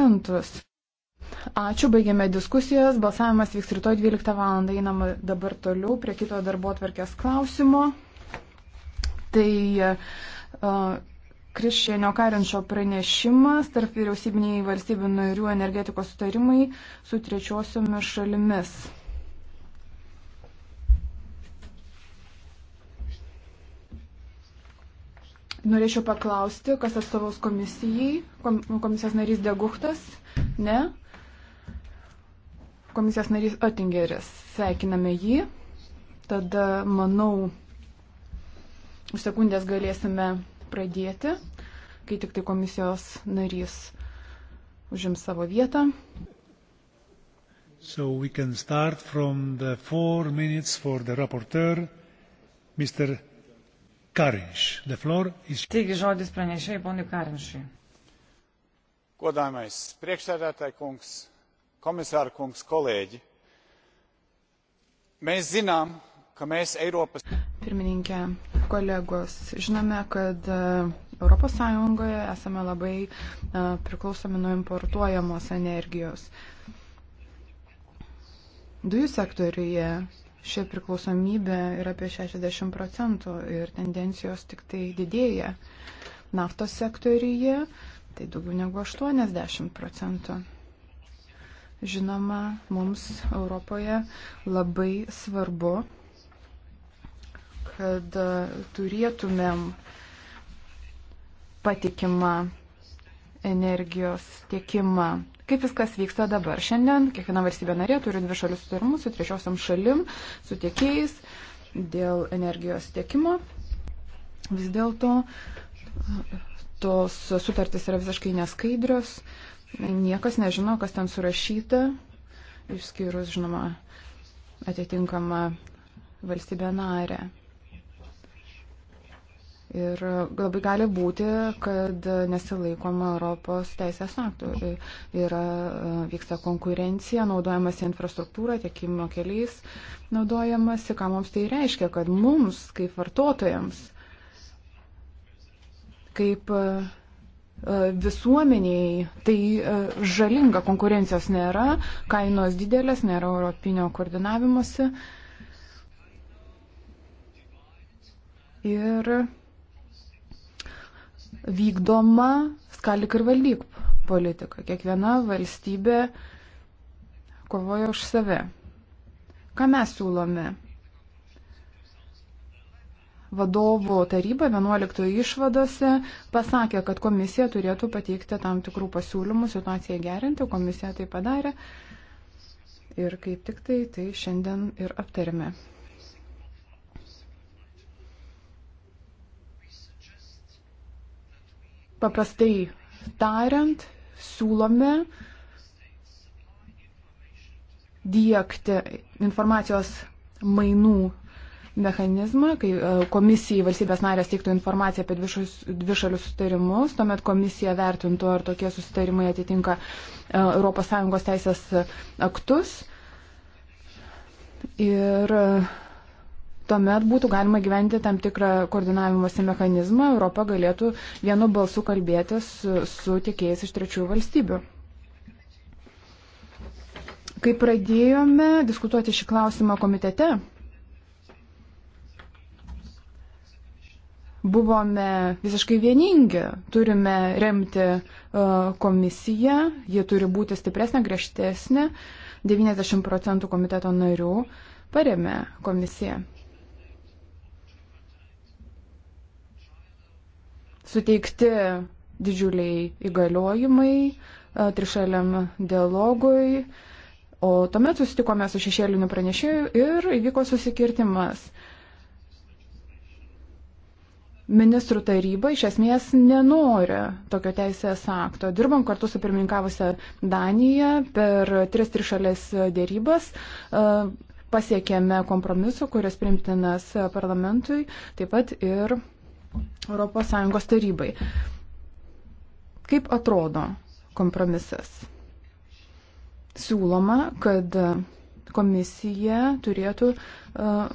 dokumentus. Ačiū, baigėme diskusijas. Balsavimas vyks rytoj 12 val. Einam dabar toliau prie kito darbo atverkės klausimo. Tai uh, e, Krišienio Karinčio pranešimas tarp vyriausybiniai valstybių narių energetikos sutarimai su trečiosiomis šalimis. Norėčiau paklausti, kas atstovaus komisijai. Komisijos narys Deguchtas? Ne. Komisijos narys Otingeris. Sveikiname jį. Tada, manau, už sekundės galėsime pradėti, kai tik tai komisijos narys užims savo vietą. So we can start from the four minutes for the rapporteur, Mr. Is... Taigi žodis pranešėjai ponui Karinšui. Godājumais priekšsēdētāji kungs, komisāra kungs, kolēģi. Mēs zinām, ka mēs Eiropas. Pirmininkė, kolegos, žinome, kad ES esame labai e, priklausomi nuo importuojamos energijos. Dujų sektoriuje ši priklausomybė yra apie 60 procentų ir tendencijos tik tai didėja. Naftos sektoriuje tai daugiau negu 80 procentų. Žinoma, mums Europoje labai svarbu, kad turėtumėm patikimą energijos tiekimą Kaip viskas vyksta dabar? Šiandien kiekviena valstybė narė turi dvi šalių sutarimus su trečiosiam šalim, su tiekėjais dėl energijos tiekimo. Vis dėlto tos sutartys yra visiškai neskaidrios, niekas nežino, kas ten surašyta, išskyrus, žinoma, atitinkamą valstybę narę. Ir labai gali būti, kad nesilaikoma Europos teisės aktų. Yra, e, vyksta konkurencija, naudojamas infrastruktūra, tiekimo keliais naudojamas. Ką mums tai reiškia, kad mums, kaip vartotojams, kaip e, e, visuomeniai tai žalinga, konkurencijos nėra, kainos didelės, nėra europinio koordinavimuose. Ir vykdoma skalik ir valdyk politika. Kiekviena valstybė kovoja už save. Ką mes siūlome? Vadovų taryba 11 išvadose pasakė, kad komisija turėtų pateikti tam tikrų pasiūlymų situacijai gerinti, komisija tai padarė ir kaip tik tai tai šiandien ir aptarėme. Paprastai tariant, siūlome diegti informacijos mainų mechanizmą, kai e, komisijai valstybės narės teiktų informaciją apie dvišalius sustarimus, tuomet komisija vertintų, ar tokie sustarimai atitinka ES teisės aktus. Ir tuomet būtų galima gyventi tam tikrą koordinavimosi mechanizmą, Europa galėtų vienu balsu kalbėtis su, su tiekėjais iš trečiųjų valstybių. Kai pradėjome diskutuoti šį klausimą komitete, buvome visiškai vieningi, turime remti e, komisiją, ji turi būti stipresnė, griežtesnė, 90 procentų komiteto narių paremė komisiją. suteikti didžiuliai įgaliojimai e, trišaliam dialogui, o tuomet susitikome su šešėliniu pranešėju ir įvyko susikirtimas. Ministrų taryba iš esmės nenori tokio teisės akto. Dirbam kartu su pirmininkavusią Daniją per tris trišalės dėrybas e, pasiekėme kompromisu, kuris primtinas parlamentui, taip pat ir ES tarybai. Kaip atrodo kompromisas? Siūloma, kad komisija turėtų uh,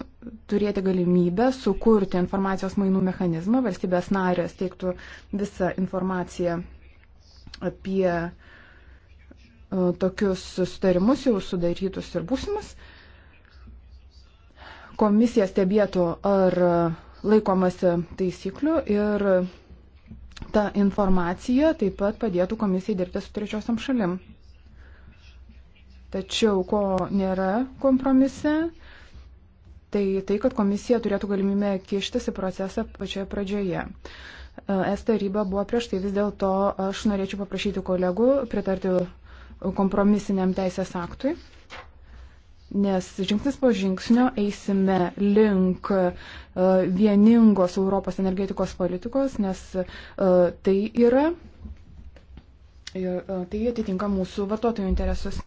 turėti galimybę sukurti informacijos mainų mechanizmą, valstybės narės teiktų visą informaciją apie uh, tokius sustarimus jau sudarytus ir būsimus. Komisija stebėtų, ar uh, laikomasi taisyklių ir ta informacija taip pat padėtų komisijai dirbti su trečiosiam šalim. Tačiau, ko nėra kompromise, tai tai, kad komisija turėtų galimybę kištis į procesą pačioje pradžioje. Es taryba buvo prieš tai, vis dėlto aš norėčiau paprašyti kolegų pritarti kompromisiniam teisės aktui nes žingsnis po žingsnio eisime link e, vieningos Europos energetikos politikos, nes e, tai yra ir e, tai atitinka mūsų vartotojų interesus.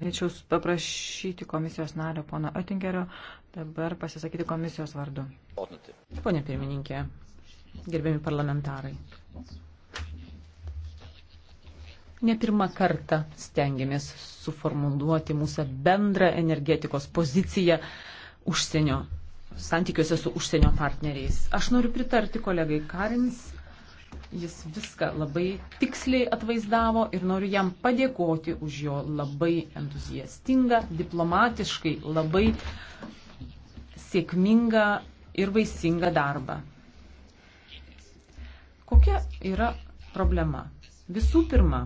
Norėčiau paprašyti komisijos nario pono Oettingerio dabar pasisakyti komisijos vardu. Pone pirmininkė, gerbiami parlamentarai ne pirmą kartą stengiamės suformuluoti mūsų bendrą energetikos poziciją užsienio, santykiuose su užsienio partneriais. Aš noriu pritarti kolegai Karins, jis viską labai tiksliai atvaizdavo ir noriu jam padėkoti už jo labai entuziastingą, diplomatiškai labai sėkmingą ir vaisingą darbą. Kokia yra problema? Visų pirma,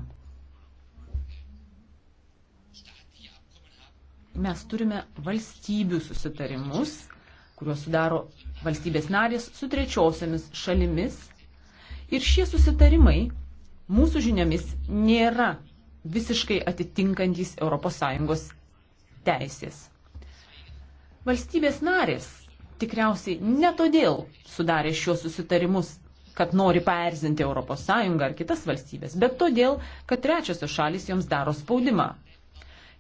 mes turime valstybių susitarimus, kuriuos sudaro valstybės narės su trečiosiamis šalimis. Ir šie susitarimai mūsų žiniomis nėra visiškai atitinkantys ES teisės. Valstybės narės tikriausiai ne todėl sudarė šios susitarimus, kad nori paerzinti ES ar kitas valstybės, bet todėl, kad trečiosios šalis joms daro spaudimą.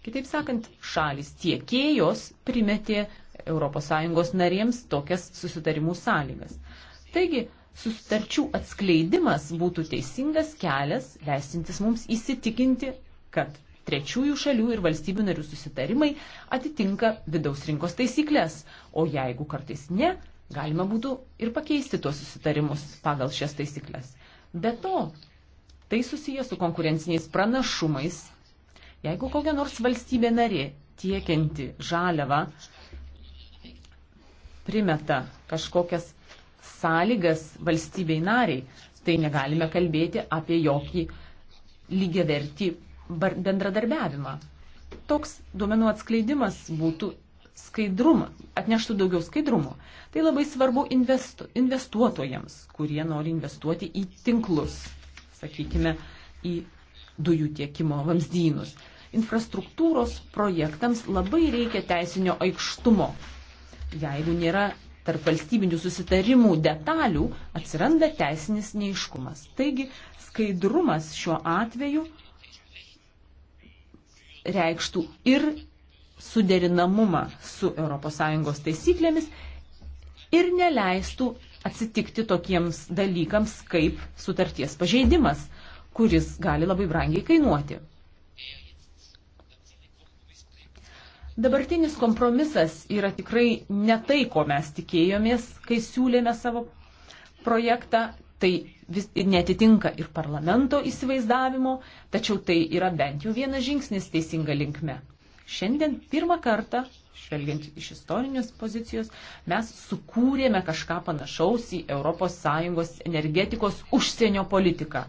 Kitaip sakant, šalis tiekėjos primetė ES narėms tokias susitarimų sąlygas. Taigi, susitarčių atskleidimas būtų teisingas kelias, leistintis mums įsitikinti, kad trečiųjų šalių ir valstybių narių susitarimai atitinka vidaus rinkos taisyklės, o jeigu kartais ne, galima būtų ir pakeisti tuos susitarimus pagal šias taisyklės. Be to, tai susiję su konkurenciniais pranašumais Jeigu kokia nors valstybė narė tiekianti žaliavą primeta kažkokias sąlygas valstybei nariai, tai negalime kalbėti apie jokį lygiavertį bendradarbiavimą. Toks duomenų atskleidimas būtų skaidrumą, atneštų daugiau skaidrumo. Tai labai svarbu investu, investuotojams, kurie nori investuoti į tinklus, sakykime, į dujų tiekimo vamzdynus infrastruktūros projektams labai reikia teisinio aikštumo. Jeigu nėra tarp valstybinių susitarimų detalių, atsiranda teisinis neiškumas. Taigi skaidrumas šiuo atveju reikštų ir suderinamumą su ES taisyklėmis ir neleistų atsitikti tokiems dalykams kaip sutarties pažeidimas, kuris gali labai brangiai kainuoti. Dabartinis kompromisas yra tikrai ne tai, ko mes tikėjomės, kai siūlėme savo projektą. Tai vis, netitinka ir parlamento įsivaizdavimo, tačiau tai yra bent jau vienas žingsnis teisinga linkme. Šiandien pirmą kartą, žvelgiant iš istorinės pozicijos, mes sukūrėme kažką panašaus į ES energetikos užsienio politiką.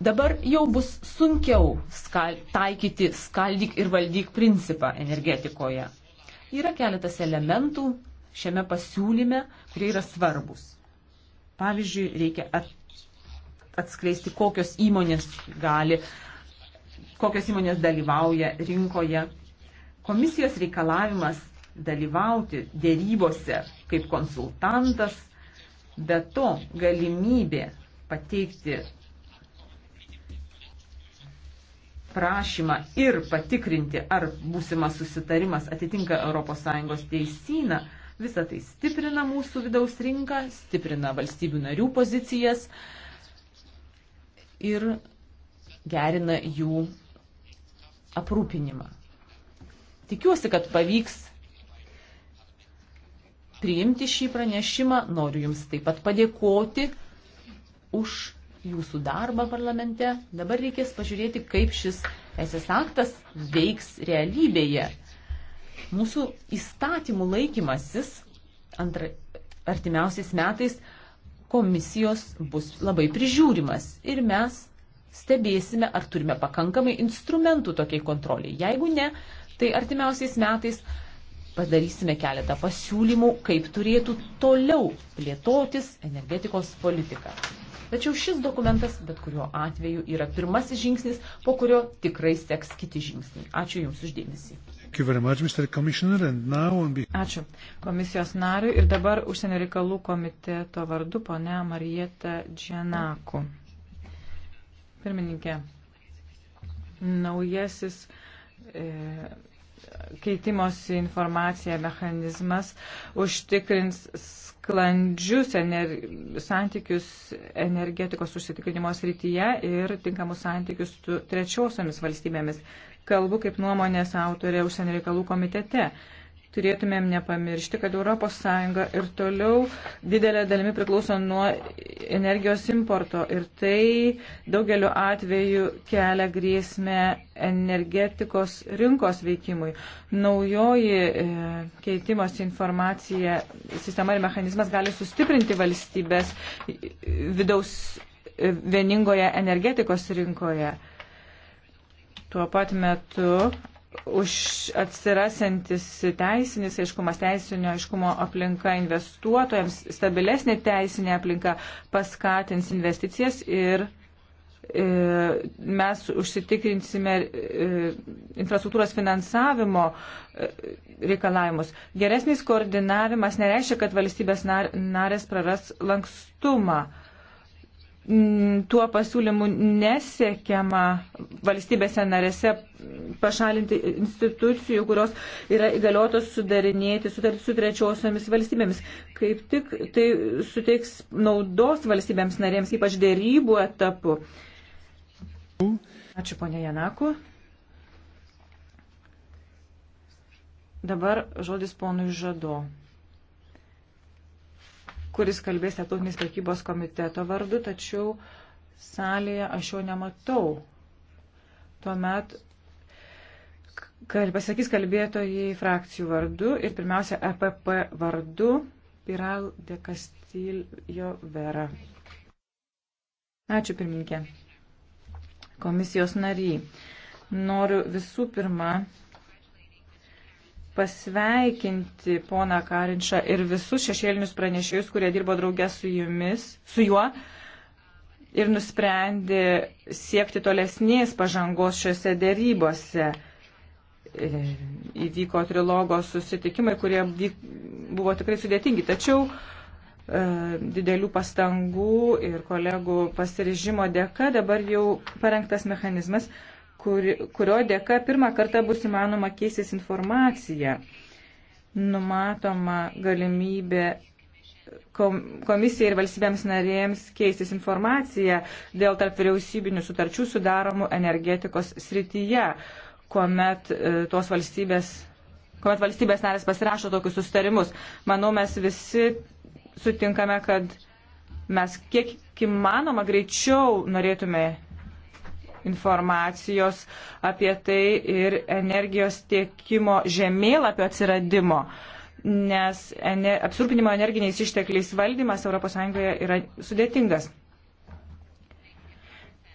Dabar jau bus sunkiau skal, taikyti skaldyk ir valdyk principą energetikoje. Yra keletas elementų šiame pasiūlyme, kurie yra svarbus. Pavyzdžiui, reikia at, atskleisti, kokios įmonės gali, kokios įmonės dalyvauja rinkoje. Komisijos reikalavimas dalyvauti dėrybose kaip konsultantas, be to galimybė pateikti prašymą ir patikrinti, ar būsimas susitarimas atitinka ES teisyną, visą tai stiprina mūsų vidaus rinką, stiprina valstybių narių pozicijas ir gerina jų aprūpinimą. Tikiuosi, kad pavyks priimti šį pranešimą. Noriu Jums taip pat padėkoti už jūsų darbą parlamente. Dabar reikės pažiūrėti, kaip šis teisės aktas veiks realybėje. Mūsų įstatymų laikymasis antra, artimiausiais metais komisijos bus labai prižiūrimas ir mes stebėsime, ar turime pakankamai instrumentų tokiai kontroliai. Jeigu ne, tai artimiausiais metais padarysime keletą pasiūlymų, kaip turėtų toliau plėtotis energetikos politika. Tačiau šis dokumentas, bet kuriuo atveju, yra pirmasis žingsnis, po kurio tikrai seks kiti žingsniai. Ačiū Jums uždėmesį. Ačiū komisijos nariui ir dabar užsienio reikalų komiteto vardu pone Marieta Dženaku. Pirmininkė, naujasis. E, keitimosi informacija mechanizmas užtikrins sklandžius ener santykius energetikos užsitikrinimo srityje ir tinkamus santykius su trečiosiomis valstybėmis. Kalbu kaip nuomonės autorė užsienio reikalų komitete turėtumėm nepamiršti, kad ES ir toliau didelė dalimi priklauso nuo energijos importo ir tai daugeliu atveju kelia grėsmę energetikos rinkos veikimui. Naujoji e, keitimas informacija, sistema ir mechanizmas gali sustiprinti valstybės vidaus e, vieningoje energetikos rinkoje. Tuo pat metu už atsirasantis teisinis aiškumas, teisinio aiškumo aplinka investuotojams, stabilesnė teisinė aplinka paskatins investicijas ir e, mes užsitikrinsime e, infrastruktūros finansavimo e, reikalavimus. Geresnis koordinavimas nereiškia, kad valstybės narės praras lankstumą. Mm, tuo pasiūlymu nesiekiama valstybėse narėse pašalinti institucijų, kurios yra įgaliotos sudarinėti sutartį su trečiosiomis valstybėmis. Kaip tik tai suteiks naudos valstybėms narėms, ypač dėrybų etapu. Ačiū ponia Janaku. Dabar žodis ponui Žado kuris kalbės Tarptautinės prekybos komiteto vardu, tačiau salėje aš jo nematau. Tuomet kal, pasakys kalbėtojai frakcijų vardu ir pirmiausia EPP vardu Piral de Castillo Vera. Ačiū pirmininkė. Komisijos nariai. Noriu visų pirma pasveikinti poną Karinčą ir visus šešėlinius pranešėjus, kurie dirbo draugę su, jumis, su juo ir nusprendė siekti tolesnės pažangos šiuose dėrybose. E, įvyko trilogo susitikimai, kurie buvo tikrai sudėtingi, tačiau e, didelių pastangų ir kolegų pasirižimo dėka dabar jau parengtas mechanizmas, kur, kurio dėka pirmą kartą bus įmanoma keistis informacija. Numatoma galimybė komisijai ir valstybėms narėms keistis informaciją dėl tarp vyriausybinių sutarčių sudaromų energetikos srityje, kuomet e, tos valstybės, kuomet valstybės narės pasirašo tokius sustarimus. Manau, mes visi sutinkame, kad mes kiek įmanoma greičiau norėtume informacijos apie tai ir energijos tiekimo žemėlapio atsiradimo, nes ener apsirūpinimo energiniais ištekliais valdymas ES yra sudėtingas.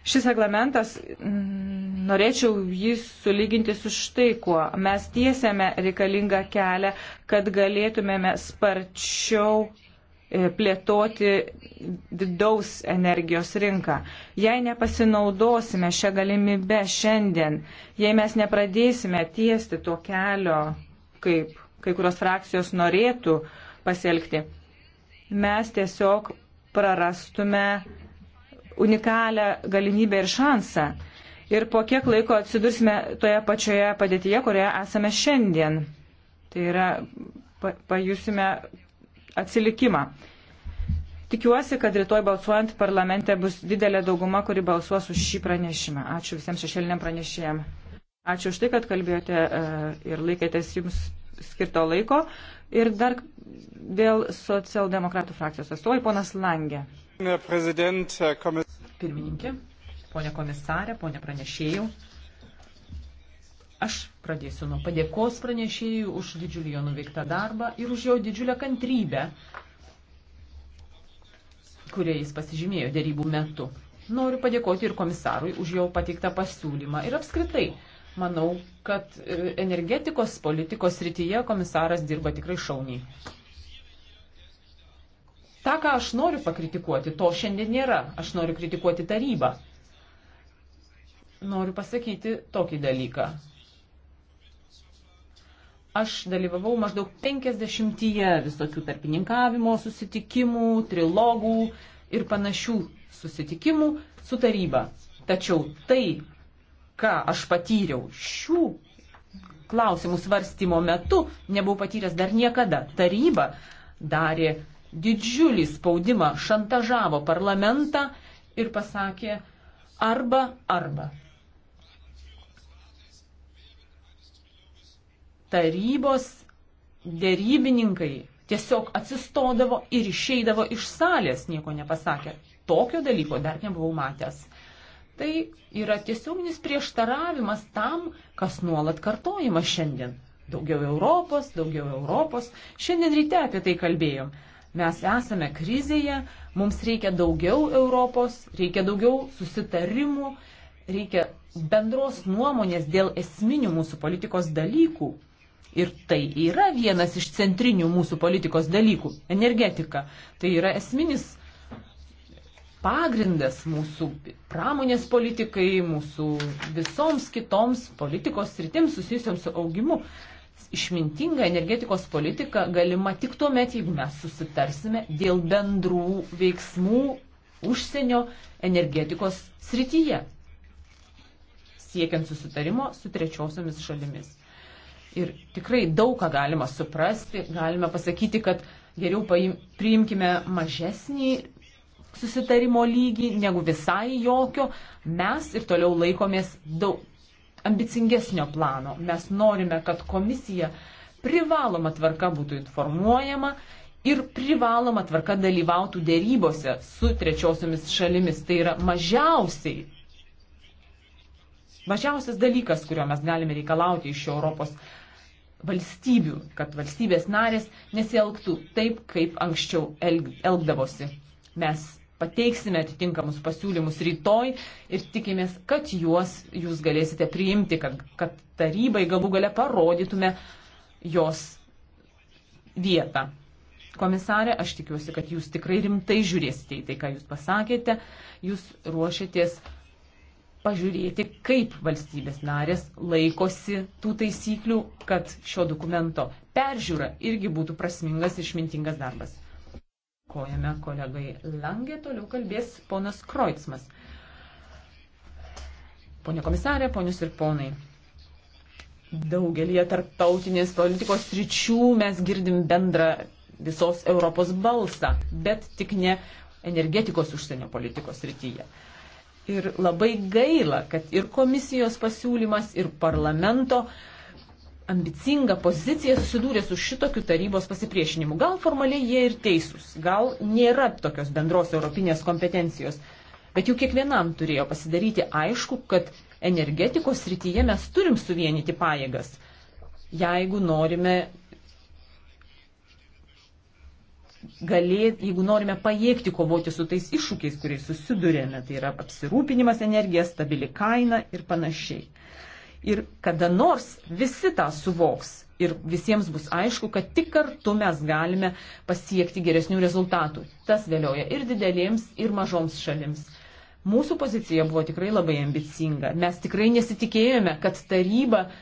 Šis reglamentas, m, mm, norėčiau jį sulyginti su štai kuo. Mes tiesiame reikalingą kelią, kad galėtumėme sparčiau E, plėtoti vidaus energijos rinką. Jei nepasinaudosime šią galimybę šiandien, jei mes nepradėsime tiesti to kelio, kaip kai kurios frakcijos norėtų pasielgti, mes tiesiog prarastume unikalią galimybę ir šansą. Ir po kiek laiko atsidursime toje pačioje padėtyje, kurioje esame šiandien. Tai yra, pajusime atsilikimą. Tikiuosi, kad rytoj balsuojant parlamente bus didelė dauguma, kuri balsuos už šį pranešimą. Ačiū visiems šešėliniam pranešėjam. Ačiū už tai, kad kalbėjote e, ir laikėtės jums skirto laiko. Ir dar vėl socialdemokratų frakcijos atstovai, ponas Langė. Pirmininkė, ponė komisarė, ponė pranešėjau. Aš pradėsiu nuo padėkos pranešėjų už didžiulį jo nuveiktą darbą ir už jo didžiulę kantrybę, kurie jis pasižymėjo dėrybų metu. Noriu padėkoti ir komisarui už jo pateiktą pasiūlymą ir apskritai. Manau, kad energetikos politikos rytyje komisaras dirba tikrai šauniai. Ta, ką aš noriu pakritikuoti, to šiandien nėra. Aš noriu kritikuoti tarybą. Noriu pasakyti tokį dalyką Aš dalyvavau maždaug 50 visokių tarpininkavimo susitikimų, trilogų ir panašių susitikimų su taryba. Tačiau tai, ką aš patyriau šių klausimų svarstymo metu, nebuvau patyręs dar niekada. Taryba darė didžiulį spaudimą, šantažavo parlamentą ir pasakė arba arba. tarybos dėrybininkai tiesiog atsistodavo ir išeidavo iš salės, nieko nepasakė. Tokio dalyko dar nebuvau matęs. Tai yra tiesioginis prieštaravimas tam, kas nuolat kartojama šiandien. Daugiau Europos, daugiau Europos. Šiandien ryte apie tai kalbėjom. Mes esame krizėje, mums reikia daugiau Europos, reikia daugiau susitarimų, reikia bendros nuomonės dėl esminių mūsų politikos dalykų, Ir tai yra vienas iš centrinių mūsų politikos dalykų - energetika. Tai yra esminis pagrindas mūsų pramonės politikai, mūsų visoms kitoms politikos sritims susijusiams su augimu. Išmintinga energetikos politika galima tik tuo met, jeigu mes susitarsime dėl bendrų veiksmų užsienio energetikos srityje, siekiant susitarimo su trečiosiomis šalimis ir tikrai daug ką galima suprasti, galime pasakyti, kad geriau paim, priimkime mažesnį susitarimo lygį negu visai jokio. Mes ir toliau laikomės daug ambicingesnio plano. Mes norime, kad komisija privaloma tvarka būtų informuojama ir privaloma tvarka dalyvautų dėrybose su trečiosiomis šalimis. Tai yra mažiausiai mažiausias dalykas, kurio mes galime reikalauti iš Europos valstybių, kad valstybės narės nesielgtų taip, kaip anksčiau elg, elgdavosi. Mes pateiksime atitinkamus pasiūlymus rytoj ir tikimės, kad juos jūs galėsite priimti, kad, kad tarybai galų gale parodytume jos vietą. Komisarė, aš tikiuosi, kad jūs tikrai rimtai žiūrėsite į tai, ką jūs pasakėte, jūs ruošiatės pažiūrėti, kaip valstybės narės laikosi tų taisyklių, kad šio dokumento peržiūra irgi būtų prasmingas ir išmintingas darbas. Kojame kolegai Langė, toliau kalbės ponas Kroitsmas. Pone komisarė, ponius ir ponai. Daugelie tarptautinės politikos ryčių mes girdim bendrą visos Europos balsą, bet tik ne energetikos užsienio politikos rytyje. Ir labai gaila, kad ir komisijos pasiūlymas, ir parlamento ambicinga pozicija susidūrė su šitokiu tarybos pasipriešinimu. Gal formaliai jie ir teisūs, gal nėra tokios bendros europinės kompetencijos, bet jau kiekvienam turėjo pasidaryti aišku, kad energetikos srityje mes turim suvienyti pajėgas, jeigu norime galėt, jeigu norime pajėgti kovoti su tais iššūkiais, kuriais susidurėme, tai yra apsirūpinimas energija, stabili kaina ir panašiai. Ir kada nors visi tą suvoks ir visiems bus aišku, kad tik kartu mes galime pasiekti geresnių rezultatų. Tas galioja ir didelėms, ir mažoms šalims. Mūsų pozicija buvo tikrai labai ambicinga. Mes tikrai nesitikėjome, kad taryba uh,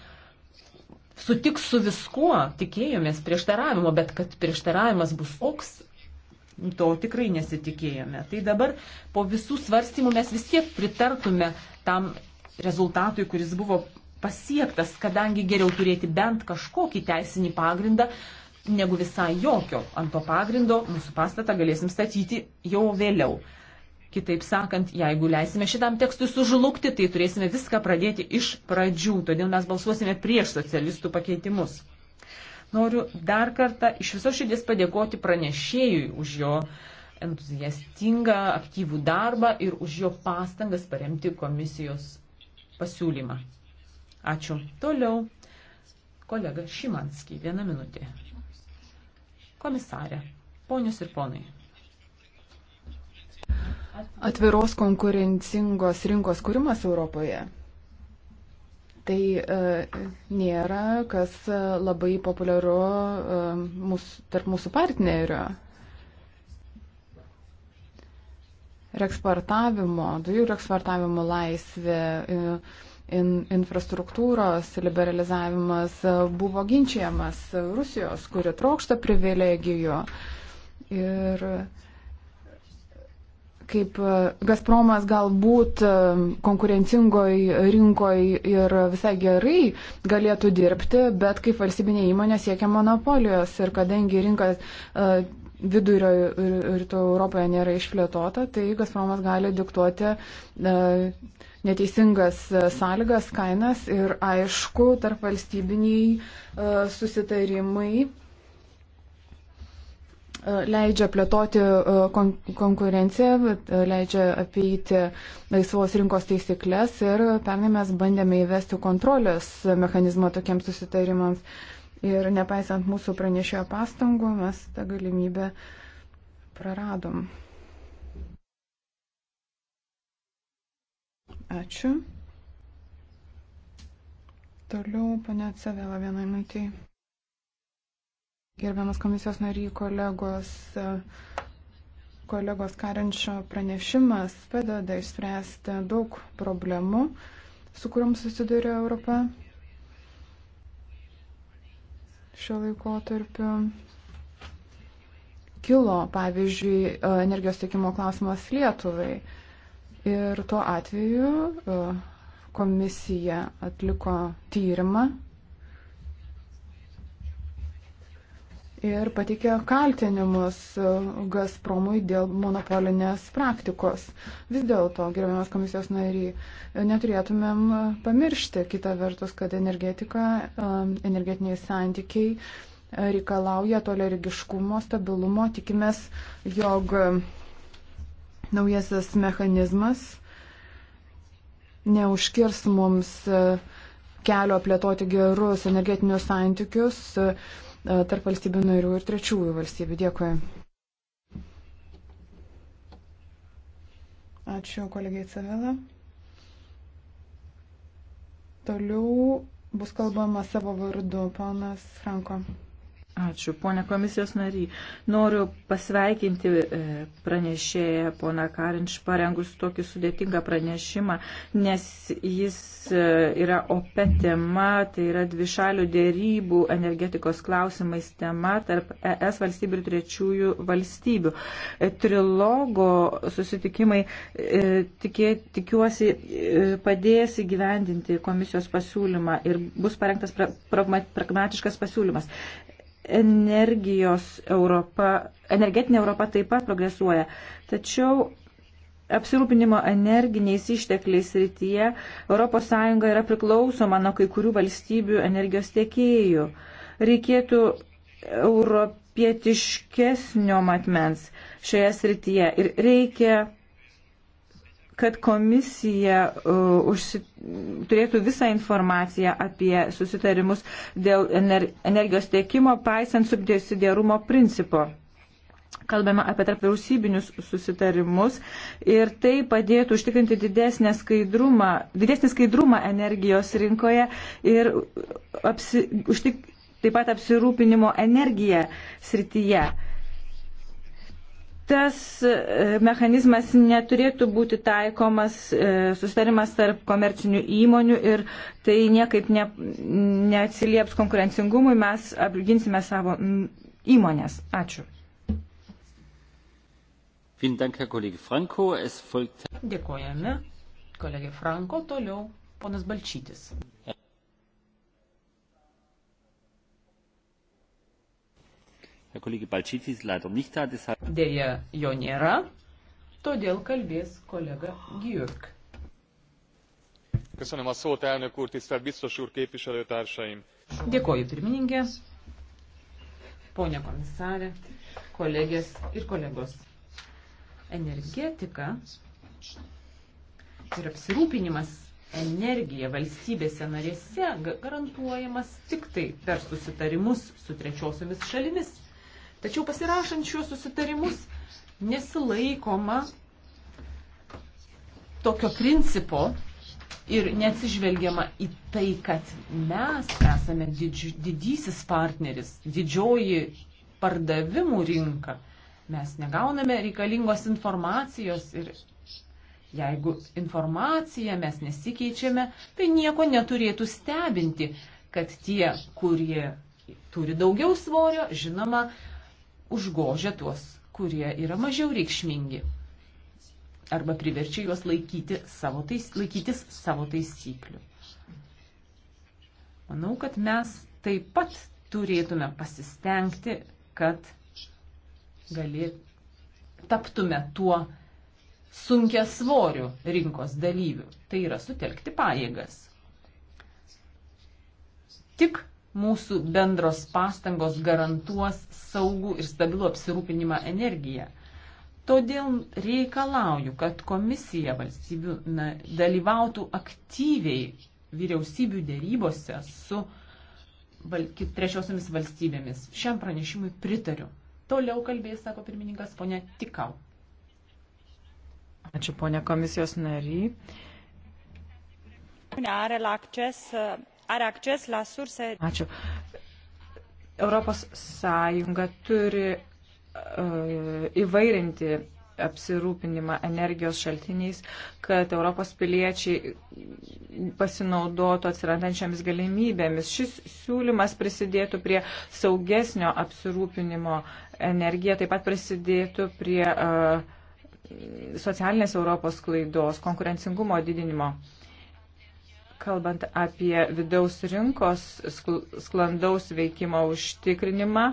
sutiks su viskuo, tikėjomės prieštaravimo, bet kad prieštaravimas bus toks, to tikrai nesitikėjome. Tai dabar po visų svarstymų mes vis tiek pritartume tam rezultatui, kuris buvo pasiektas, kadangi geriau turėti bent kažkokį teisinį pagrindą, negu visai jokio. Ant to pagrindo mūsų pastatą galėsim statyti jau vėliau. Kitaip sakant, jeigu leisime šitam tekstui sužlugti, tai turėsime viską pradėti iš pradžių, todėl mes balsuosime prieš socialistų pakeitimus. Noriu dar kartą iš viso širdies padėkoti pranešėjui už jo entuziastingą, aktyvų darbą ir už jo pastangas paremti komisijos pasiūlymą. Ačiū. Toliau kolega Šimanski, viena minutė. Komisarė, ponios ir ponai atviros konkurencingos rinkos kūrimas Europoje. Tai e, nėra kas e, labai populiaru e, mūsų, tarp mūsų partnerio. Reksportavimo, dujų reksportavimo laisvė, e, in, infrastruktūros liberalizavimas e, buvo ginčiamas Rusijos, kuri trokšta privilegijų. Ir e, kaip e, Gazpromas galbūt e, konkurencingoj rinkoj ir visai gerai galėtų dirbti, bet kaip valstybinė įmonė siekia monopolijos ir kadangi rinka e, vidurio rytų Europoje nėra išplėtota, tai Gazpromas gali diktuoti neteisingas sąlygas, kainas ir aišku, tarp valstybiniai susitarimai leidžia plėtoti e, kon konkurenciją, e, leidžia apeiti laisvos rinkos taisyklės ir pernai mes bandėme įvesti kontrolės mechanizmą tokiems susitarimams. Ir nepaisant mūsų pranešėjo pastangų, mes tą galimybę praradom. Ačiū. Toliau, pane Cevela, vienai minutėjai. Gerbiamas komisijos nariai, kolegos, kolegos Karenčio pranešimas padeda išspręsti daug problemų, su kuriuom susiduria Europa šio laikotarpiu. Kilo, pavyzdžiui, energijos tiekimo klausimas Lietuvai. Ir tuo atveju e, komisija atliko tyrimą ir pateikė kaltinimus uh, Gazpromui dėl monopolinės praktikos. Vis dėlto, gerbiamas komisijos nariai, neturėtumėm uh, pamiršti kitą vertus, kad energetika, um, energetiniai santykiai uh, reikalauja tolerigiškumo, stabilumo. Tikimės, jog naujasis mechanizmas neužkirs mums kelio plėtoti gerus energetinius santykius E, tarp valstybių narių ir trečiųjų valstybių. Dėkui. Ačiū kolegiai Cavela. Toliau bus kalbama savo vardu, ponas Franko. Ačiū, ponė komisijos nary. Noriu pasveikinti e, pranešėją poną Karinč parengus tokį sudėtingą pranešimą, nes jis e, yra opė tema, tai yra dvišalių dėrybų energetikos klausimais tema tarp ES valstybių ir trečiųjų valstybių. E, trilogo susitikimai tikė, tikiuosi padės įgyvendinti komisijos pasiūlymą ir bus parengtas pragmatiškas pasiūlymas energijos Europa, energetinė Europa taip pat progresuoja. Tačiau apsirūpinimo energiniais ištekliais rytyje ES yra priklausoma nuo kai kurių valstybių energijos tiekėjų. Reikėtų europietiškesnio matmens šioje srityje ir reikia kad komisija uh, užsi, turėtų visą informaciją apie susitarimus dėl ener, energijos tiekimo, paisant subsidiarumo principo. Kalbame apie tarpvyriausybinius susitarimus ir tai padėtų užtikrinti didesnį skaidrumą, didesnį skaidrumą energijos rinkoje ir apsi, užtik, taip pat apsirūpinimo energiją srityje. Uh, tas e, mechanizmas neturėtų būti taikomas, e, sustarimas tarp komercinių įmonių ir tai niekaip ne, neatsilieps konkurencingumui, mes apginsime savo įmonės. Ačiū. Dėkojame. Kolegė Franko, toliau ponas Balčytis. Dėja, jo nėra, todėl kalbės kolega Gyurk. Köszönöm a szót, elnök úr, tisztelt biztos úr, képviselőtársaim! Dėkoju pirmininkė, ponia komisarė, kolegės ir kolegos. Energetika ir apsirūpinimas energija valstybėse narėse garantuojamas tik tai per susitarimus su trečiosiomis šalimis. Tačiau pasirašant šiuos susitarimus nesilaikoma tokio principo ir neatsižvelgiama į tai, kad mes esame didži, didysis partneris, didžioji pardavimų rinka. Mes negauname reikalingos informacijos ir Jeigu informaciją mes nesikeičiame, tai nieko neturėtų stebinti, kad tie, kurie turi daugiau svorio, žinoma, užgožia tuos, kurie yra mažiau reikšmingi arba priverčia juos laikyti savo tais, laikytis savo taisyklių. Manau, kad mes taip pat turėtume pasistengti, kad galėt, taptume tuo sunkia svoriu rinkos dalyviu. Tai yra sutelkti pajėgas. Tik mūsų bendros pastangos garantuos saugų ir stabilų apsirūpinimą energiją. Todėl reikalauju, kad komisija valstybių na, dalyvautų aktyviai vyriausybių dėrybose su val, trečiosiomis valstybėmis. Šiam pranešimui pritariu. Toliau kalbės, sako pirmininkas, ponė Tikau. Ačiū, ponė komisijos nary. Are la acces are acces la surse. Ačiū. Europos Sąjunga turi uh, įvairinti apsirūpinimą energijos šaltiniais, kad Europos piliečiai pasinaudotų atsirandančiamis galimybėmis. Šis siūlymas prisidėtų prie saugesnio apsirūpinimo energiją, taip pat prisidėtų prie uh, socialinės Europos klaidos, konkurencingumo didinimo kalbant apie vidaus rinkos sklandaus veikimo užtikrinimą,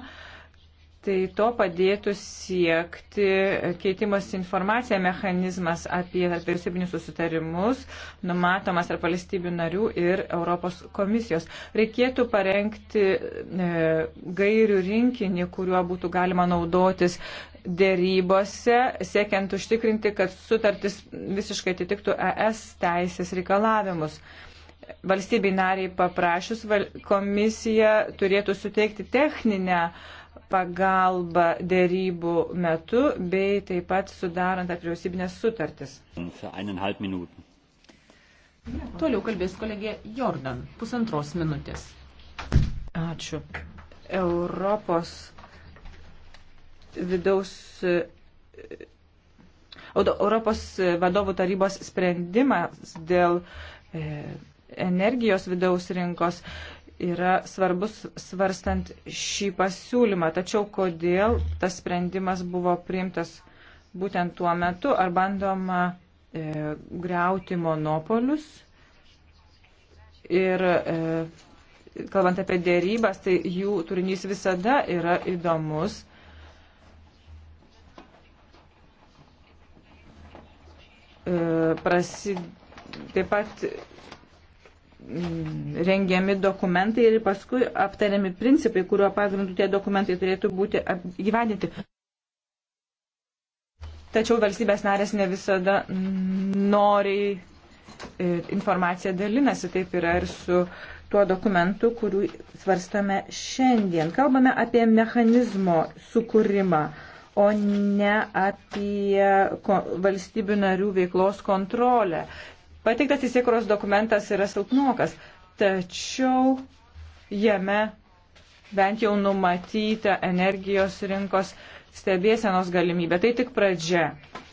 tai to padėtų siekti keitimas informacija mechanizmas apie vyriausybinius susitarimus, numatomas ar valstybių narių ir Europos komisijos. Reikėtų parengti e, gairių rinkinį, kuriuo būtų galima naudotis dėrybose, siekiant užtikrinti, kad sutartis visiškai atitiktų ES teisės reikalavimus. E, valstybei nariai paprašius komisija turėtų suteikti techninę pagalbą dėrybų metu bei taip pat sudarant apriausybinės sutartis. Toliau kalbės kolegė Jordan, pusantros minutės. Ačiū. Europos vidaus Europos vadovų tarybos sprendimas dėl e, energijos vidaus rinkos yra svarbus svarstant šį pasiūlymą. Tačiau kodėl tas sprendimas buvo priimtas būtent tuo metu, ar bandoma e, greuti monopolius ir e, kalbant apie dėrybas, tai jų turinys visada yra įdomus. E, prasi, taip pat rengiami dokumentai ir paskui aptariami principai, kuriuo pagrindu tie dokumentai turėtų būti gyvendinti. Tačiau valstybės narės ne visada nori informaciją dalinasi, taip yra ir su tuo dokumentu, kurių svarstame šiandien. Kalbame apie mechanizmo sukūrimą, o ne apie valstybių narių veiklos kontrolę. Pateiktas įsiekros dokumentas yra silpnokas, tačiau jame bent jau numatyta energijos rinkos stebėsenos galimybė. Tai tik pradžia.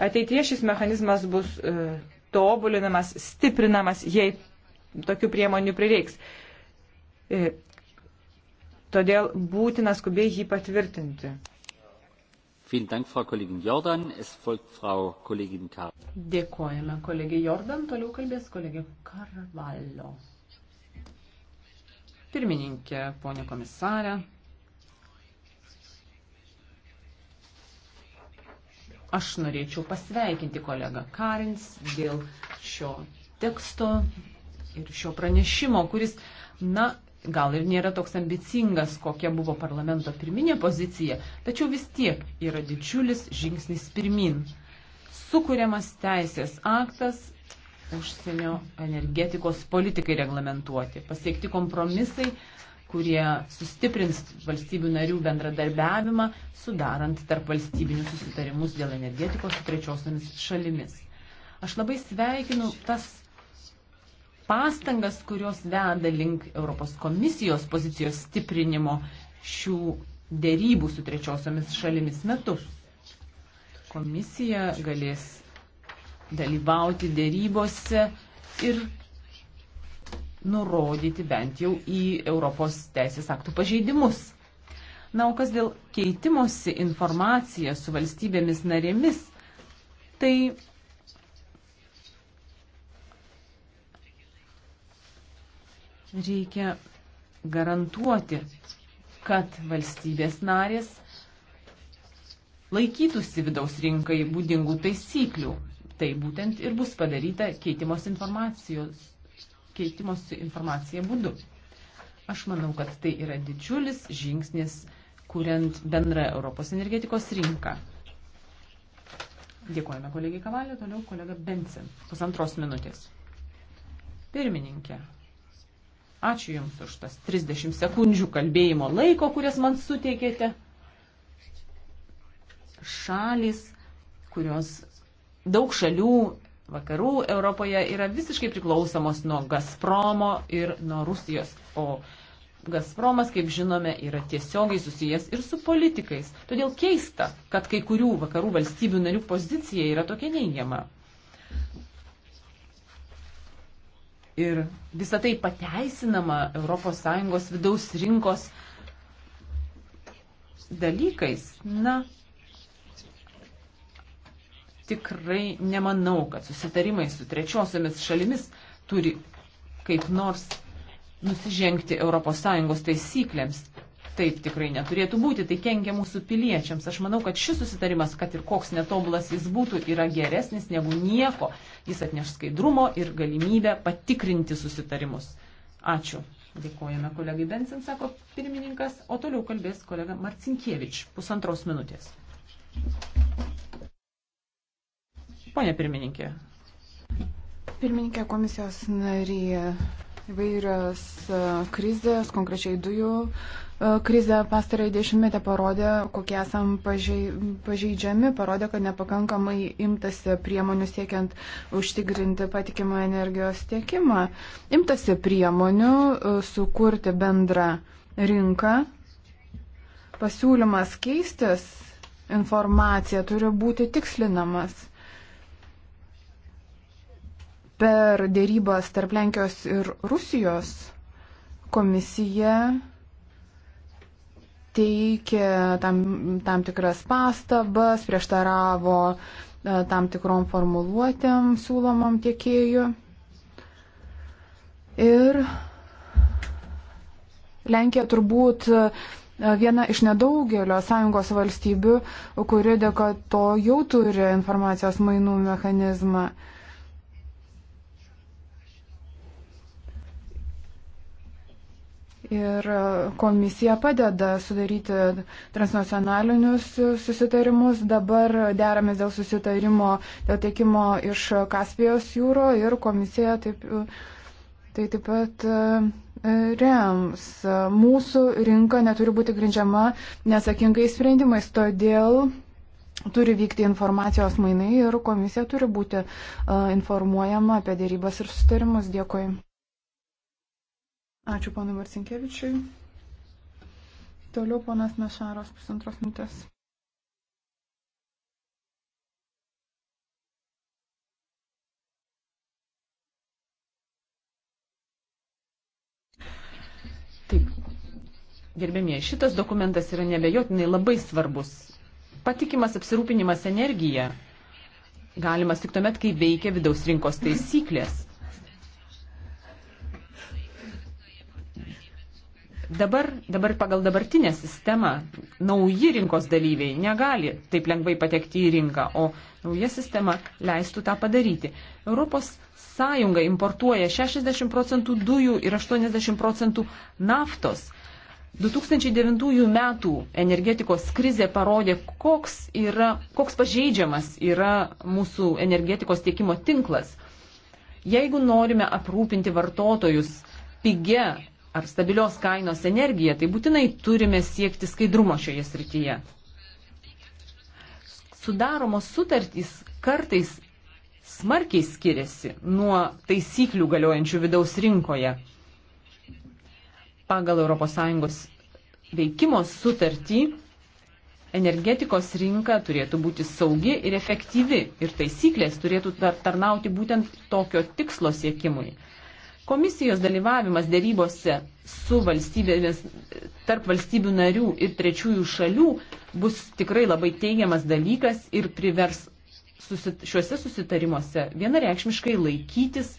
Ateitie šis mechanizmas bus e, tobulinamas, stiprinamas, jei tokių priemonių prireiks. E, todėl būtina skubiai jį patvirtinti. Dėkojame kolegė Jordan, toliau kalbės kolegė Karvalio. Pirmininkė, ponė komisarė. Aš norėčiau pasveikinti kolegą Karins dėl šio teksto ir šio pranešimo, kuris, na, gal ir nėra toks ambicingas, kokia buvo parlamento pirminė pozicija, tačiau vis tiek yra didžiulis žingsnis pirmin. Sukūriamas teisės aktas užsienio energetikos politikai reglamentuoti, pasiekti kompromisai, kurie sustiprins valstybių narių bendradarbiavimą, sudarant tarp valstybinių susitarimus dėl energetikos su trečiosiomis šalimis. Aš labai sveikinu tas pastangas, kurios veda link Europos komisijos pozicijos stiprinimo šių dėrybų su trečiosiomis šalimis metu. Komisija galės dalyvauti dėrybose ir nurodyti bent jau į Europos teisės aktų pažeidimus. Na, o kas dėl keitimosi informacija su valstybėmis narėmis, tai reikia garantuoti, kad valstybės narės laikytųsi vidaus rinkai būdingų taisyklių. Tai būtent ir bus padaryta keitimos informacijos, keitimos informacija būdu. Aš manau, kad tai yra didžiulis žingsnis, kuriant bendrą Europos energetikos rinką. Dėkojame kolegijai Kavalio, toliau kolega Bensin. Pusantros minutės. Pirmininkė, Ačiū Jums už tas 30 sekundžių kalbėjimo laiko, kurias man suteikėte. Šalis, kurios daug šalių vakarų Europoje yra visiškai priklausomos nuo Gazpromo ir nuo Rusijos. O Gazpromas, kaip žinome, yra tiesiogiai susijęs ir su politikais. Todėl keista, kad kai kurių vakarų valstybių narių pozicija yra tokia neigiama. Ir visa tai pateisinama ES vidaus rinkos dalykais. Na, tikrai nemanau, kad susitarimai su trečiosiomis šalimis turi kaip nors nusižengti ES taisyklėms. Taip tikrai neturėtų būti, tai kenkia mūsų piliečiams. Aš manau, kad šis susitarimas, kad ir koks netobulas jis būtų, yra geresnis negu nieko. Jis atneš skaidrumo ir galimybę patikrinti susitarimus. Ačiū. Dėkojame kolegai Bensin, sako pirmininkas, o toliau kalbės kolega Marcinkievič, pusantros minutės. Pone pirmininkė. Pirmininkė komisijos narė Įvairios e, krizės, konkrečiai dujų e, krizė pastarąjį dešimtmetį parodė, kokie esam pažeidžiami, parodė, kad nepakankamai imtasi priemonių siekiant užtikrinti patikimą energijos tiekimą. Imtasi priemonių e, sukurti bendrą rinką. Pasiūlymas keistis informacija turi būti tikslinamas per dėrybas tarp Lenkijos ir Rusijos komisija teikė tam, tam tikras pastabas, prieštaravo e, tam tikrom formuluotėm siūlomam tiekėjų. Ir Lenkija turbūt e, viena iš nedaugelio sąjungos valstybių, kuri dėka to jau turi informacijos mainų mechanizmą. Ir komisija padeda sudaryti transnacionalinius susitarimus. Dabar deramės dėl susitarimo, dėl tiekimo iš Kaspijos jūro ir komisija taip, tai taip pat e, rems. Mūsų rinka neturi būti grindžiama nesakingais sprendimais, todėl turi vykti informacijos mainai ir komisija turi būti e, informuojama apie dėrybas ir sustarimus. Dėkui. Ačiū ponui Marcinkievičiui. Toliau ponas Mešaros pusantros minutės. Taip, gerbėmieji, šitas dokumentas yra nebejotinai labai svarbus. Patikimas apsirūpinimas energija galimas tik tuomet, kai veikia vidaus rinkos taisyklės Dabar, dabar pagal dabartinę sistemą nauji rinkos dalyviai negali taip lengvai patekti į rinką, o nauja sistema leistų tą padaryti. Europos Sąjunga importuoja 60 procentų dujų ir 80 procentų naftos. 2009 metų energetikos krizė parodė, koks, yra, koks pažeidžiamas yra mūsų energetikos tiekimo tinklas. Jeigu norime aprūpinti vartotojus pigia ar stabilios kainos energiją, tai būtinai turime siekti skaidrumo šioje srityje. Sudaromos sutartys kartais smarkiai skiriasi nuo taisyklių galiojančių vidaus rinkoje. Pagal ES veikimo sutartį energetikos rinka turėtų būti saugi ir efektyvi ir taisyklės turėtų tarnauti būtent tokio tikslo siekimui. Komisijos dalyvavimas dėrybose su valstybėmis, tarp valstybių narių ir trečiųjų šalių bus tikrai labai teigiamas dalykas ir privers susit, šiuose susitarimuose vienareikšmiškai laikytis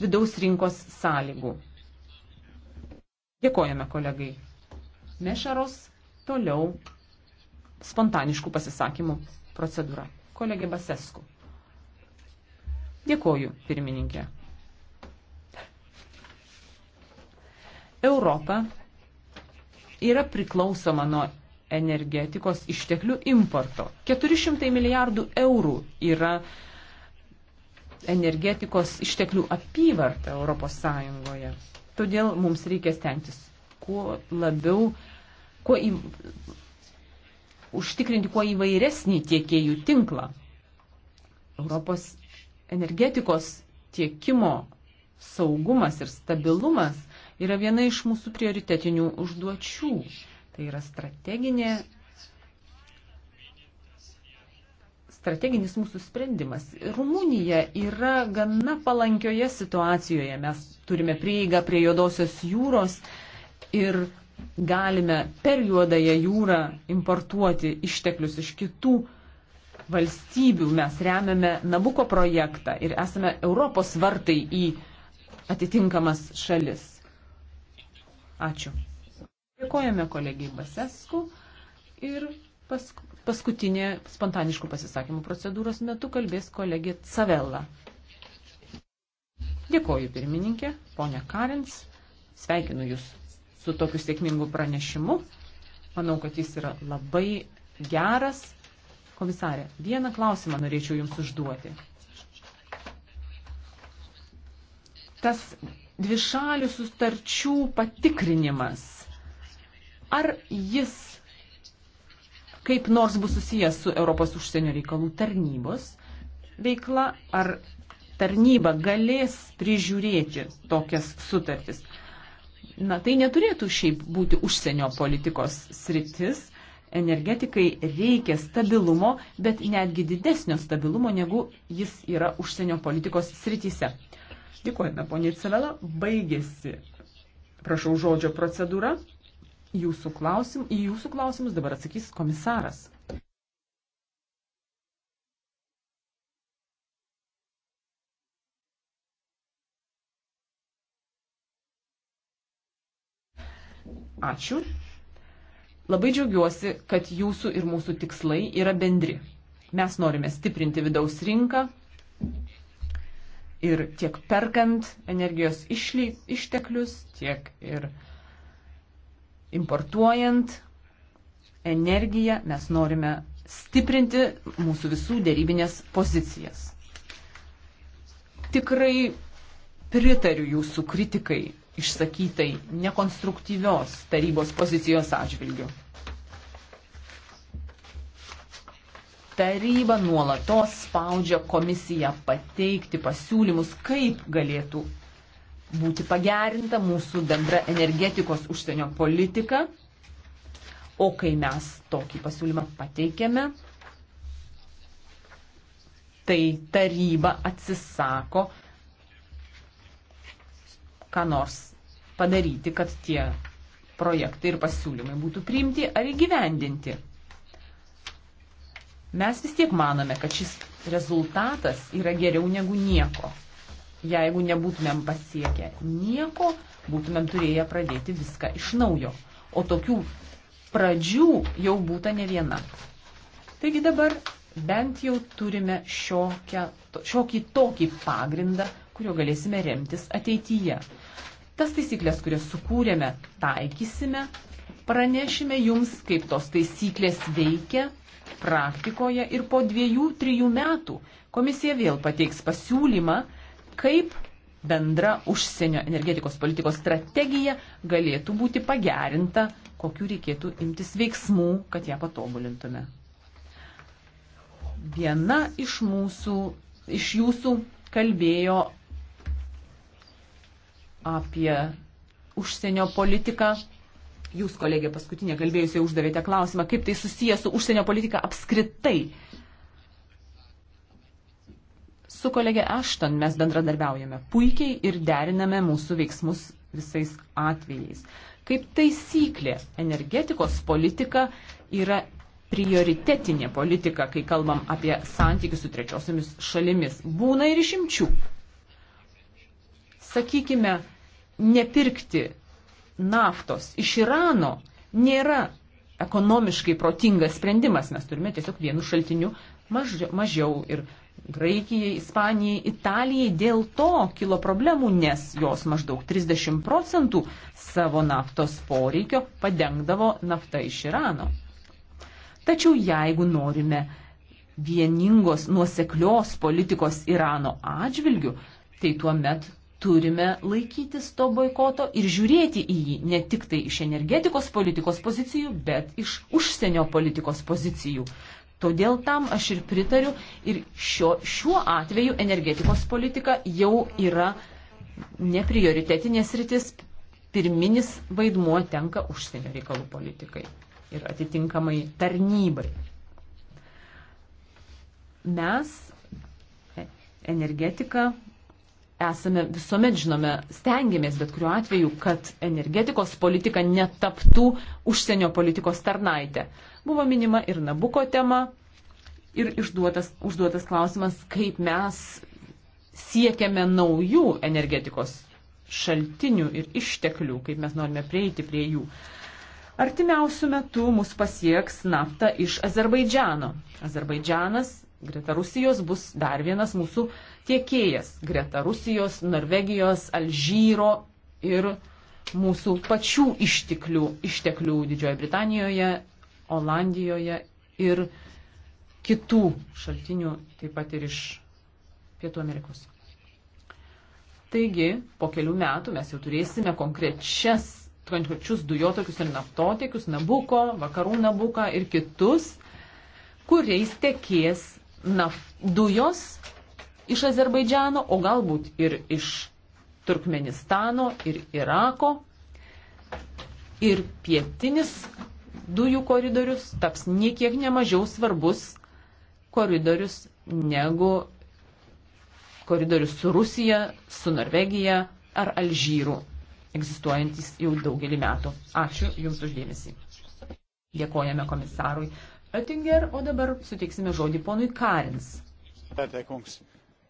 vidaus rinkos sąlygų. Dėkojame kolegai. Mešaros toliau spontaniškų pasisakymų procedūra. Kolegė Basesku. Dėkoju, pirmininkė. Europa yra priklausoma nuo energetikos išteklių importo. 400 milijardų eurų yra energetikos išteklių apyvarta Europos Sąjungoje. Todėl mums reikia stengtis kuo labiau, kuo į, užtikrinti kuo įvairesnį tiekėjų tinklą. Europos energetikos tiekimo saugumas ir stabilumas – yra viena iš mūsų prioritetinių užduočių. Tai yra strateginė, strateginis mūsų sprendimas. Rumunija yra gana palankioje situacijoje. Mes turime prieigą prie juodosios jūros ir galime per juodąją jūrą importuoti išteklius iš kitų valstybių. Mes remiame Nabuko projektą ir esame Europos vartai į atitinkamas šalis. Ačiū. Dėkojame kolegijai Basesku ir pask paskutinė spontaniškų pasisakymų procedūros metu kalbės kolegė Cavella. Dėkoju pirmininkė, ponia Karins, sveikinu Jūs su tokiu sėkmingu pranešimu. Manau, kad jis yra labai geras. Komisarė, vieną klausimą norėčiau Jums užduoti. Tas dvišalių sustarčių patikrinimas. Ar jis kaip nors bus susijęs su Europos užsienio reikalų tarnybos veikla, ar tarnyba galės prižiūrėti tokias sutartis. Na, tai neturėtų šiaip būti užsienio politikos sritis. Energetikai reikia stabilumo, bet netgi didesnio stabilumo, negu jis yra užsienio politikos srityse. Dėkojame, ponė Cevela. Baigėsi, prašau, žodžio procedūra. Jūsų klausim, į jūsų klausimus dabar atsakys komisaras. Ačiū. Labai džiaugiuosi, kad jūsų ir mūsų tikslai yra bendri. Mes norime stiprinti vidaus rinką, ir tiek perkant energijos išly, išteklius, tiek ir importuojant energiją mes norime stiprinti mūsų visų dėrybinės pozicijas. Tikrai pritariu jūsų kritikai išsakytai nekonstruktyvios tarybos pozicijos atžvilgiu. taryba nuolatos spaudžia komisiją pateikti pasiūlymus, kaip galėtų būti pagerinta mūsų bendra energetikos užsienio politika. O kai mes tokį pasiūlymą pateikėme, tai taryba atsisako ką nors padaryti, kad tie projektai ir pasiūlymai būtų priimti ar įgyvendinti. Mes vis tiek manome, kad šis rezultatas yra geriau negu nieko. Jeigu nebūtumėm pasiekę nieko, būtumėm turėję pradėti viską iš naujo. O tokių pradžių jau būta ne viena. Taigi dabar bent jau turime šiokią, šiokį tokį pagrindą, kurio galėsime remtis ateityje. Tas taisyklės, kurias sukūrėme, taikysime Pranešime jums, kaip tos taisyklės veikia praktikoje ir po dviejų, trijų metų komisija vėl pateiks pasiūlymą, kaip bendra užsienio energetikos politikos strategija galėtų būti pagerinta, kokiu reikėtų imtis veiksmų, kad ją patobulintume. Viena iš mūsų, iš jūsų kalbėjo apie užsienio politiką Jūs, kolegė, paskutinė kalbėjusiai uždavėte klausimą, kaip tai susijęs su užsienio politika apskritai. Su kolegė Ashton mes bendradarbiaujame puikiai ir deriname mūsų veiksmus visais atvejais. Kaip taisyklė, energetikos politika yra prioritetinė politika, kai kalbam apie santykius su trečiosiomis šalimis. Būna ir išimčių. Sakykime, nepirkti naftos iš Irano nėra ekonomiškai protingas sprendimas. Mes turime tiesiog vienu šaltiniu mažiau, mažiau. ir Graikijai, Ispanijai, Italijai dėl to kilo problemų, nes jos maždaug 30 procentų savo naftos poreikio padengdavo nafta iš Irano. Tačiau jeigu norime vieningos nuoseklios politikos Irano atžvilgių, tai tuo met turime laikytis to boikoto ir žiūrėti į jį ne tik tai iš energetikos politikos pozicijų, bet iš užsienio politikos pozicijų. Todėl tam aš ir pritariu ir šio, šiuo atveju energetikos politika jau yra neprioritetinės rytis, pirminis vaidmuo tenka užsienio reikalų politikai ir atitinkamai tarnybai. Mes e, energetiką esame visuomet žinome, stengiamės bet kuriuo atveju, kad energetikos politika netaptų užsienio politikos tarnaitė. Buvo minima ir Nabuko tema, ir išduotas, užduotas klausimas, kaip mes siekiame naujų energetikos šaltinių ir išteklių, kaip mes norime prieiti prie jų. Artimiausių metų mus pasieks nafta iš Azerbaidžiano. Azerbaidžianas greta Rusijos bus dar vienas mūsų uh, tiekėjas greta Rusijos, Norvegijos, Alžyro ir mūsų pačių išteklių, išteklių Didžiojo Britanijoje, Olandijoje ir kitų šaltinių, taip pat ir iš Pietų Amerikos. Taigi, po kelių metų mes jau turėsime konkrečias, konkrečius dujotokius ir naftotiekius, Nabuko, Vakarų Nabuką ir kitus, kuriais tekės naf, dujos iš Azerbaidžiano, o galbūt ir iš Turkmenistano ir Irako. Ir pietinis dujų koridorius taps niekiek nemažiau svarbus koridorius negu koridorius su Rusija, su Norvegija ar Alžyru, egzistuojantis jau daugelį metų. Ačiū Jums uždėmesį. Dėkojame komisarui Oettinger, o dabar suteiksime žodį ponui Karins. Tėtė,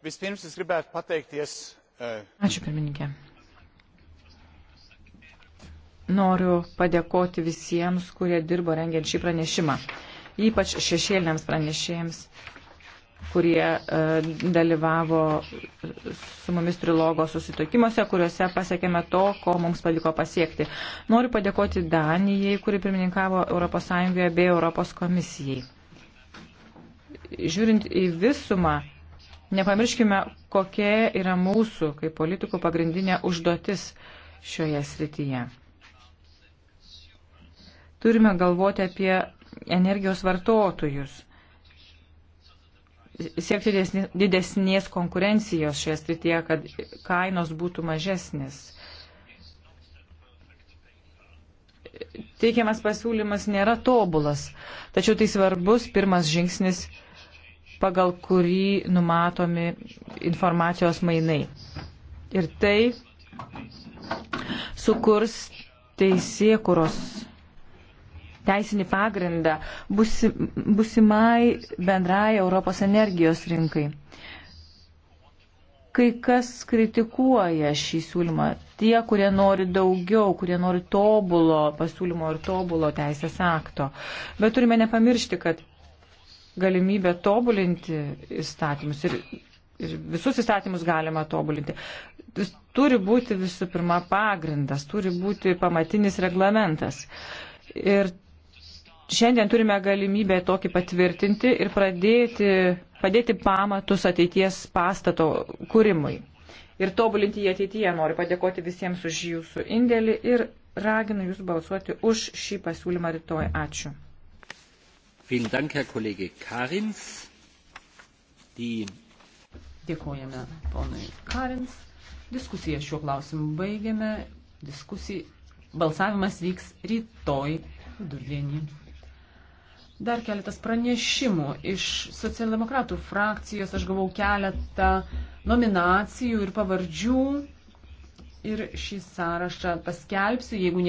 Vispirms es gribētu pateikties. E, Ačiū, pirmininkė. Noriu padėkoti visiems, kurie dirbo rengiant šį pranešimą, ypač šešėliniams pranešėjams, kurie uh, dalyvavo su mumis trilogo susitikimuose, kuriuose pasiekėme to, ko mums paliko pasiekti. Noriu padėkoti Danijai, kuri pirmininkavo ES bei ES komisijai. Žiūrint į visumą, Nepamirškime, kokia yra mūsų kaip politikų pagrindinė užduotis šioje srityje. Turime galvoti apie energijos vartotojus, siekti didesnės konkurencijos šioje srityje, kad kainos būtų mažesnis. Teikiamas pasiūlymas nėra tobulas, tačiau tai svarbus pirmas žingsnis pagal kurį numatomi informacijos mainai. Ir tai sukurs teisėkuros teisinį pagrindą busi, busimai bendrai Europos energijos rinkai. Kai kas kritikuoja šį siūlymą, tie, kurie nori daugiau, kurie nori tobulo pasiūlymo ir tobulo teisės akto. Bet turime nepamiršti, kad galimybę tobulinti įstatymus ir, ir visus įstatymus galima tobulinti. Turi būti visų pirma pagrindas, turi būti pamatinis reglamentas. Ir šiandien turime galimybę tokį patvirtinti ir pradėti, padėti pamatus ateities pastato kūrimui. Ir tobulinti jį ateityje. Noriu padėkoti visiems už jūsų indėlį ir raginu jūs balsuoti už šį pasiūlymą rytoj. Ačiū. Vielen Dank, Herr Kollege Karins. Die Dėkojame ponui Karins. Diskusiją šiuo klausimu baigėme. Diskusija, balsavimas vyks rytoj vidurdienį. Dar keletas pranešimų. Iš socialdemokratų frakcijos aš gavau keletą nominacijų ir pavardžių. Ir šį sąrašą paskelbsiu, jeigu ne.